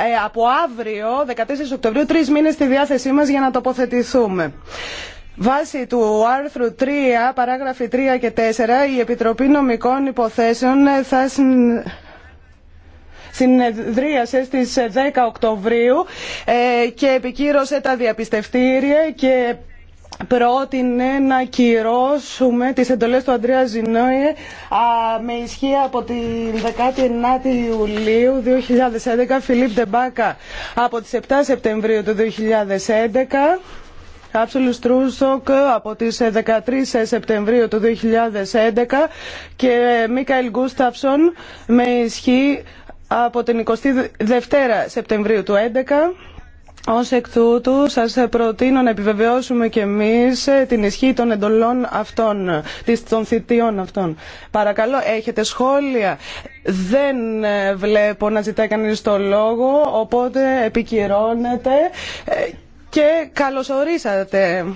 Ε, από αύριο, 14 Οκτωβρίου, τρει μήνε στη διάθεσή μα για να τοποθετηθούμε. Βάσει του άρθρου 3, παράγραφοι 3 και 4, η Επιτροπή Νομικών Υποθέσεων θα συνεδρίασε στις 10 Οκτωβρίου ε, και επικύρωσε τα διαπιστευτήρια και πρότεινε να κυρώσουμε τις εντολές του Αντρέα Ζινόιε με ισχύ από την 19η Ιουλίου 2011, Φιλίπ Ντεμπάκα από τις 7 Σεπτεμβρίου του 2011, Κάψουλου Στρούσοκ από τις 13 Σεπτεμβρίου του 2011 και Μίκαελ Γκούσταυσον με ισχύ από την 22 Σεπτεμβρίου του 2011 ως εκ τούτου, σας προτείνω να επιβεβαιώσουμε και εμείς ε, την ισχύ των εντολών αυτών, των θητείων αυτών. Παρακαλώ, έχετε σχόλια. Δεν ε, βλέπω να ζητάει κανείς το λόγο, οπότε επικυρώνεται ε, και καλωσορίσατε.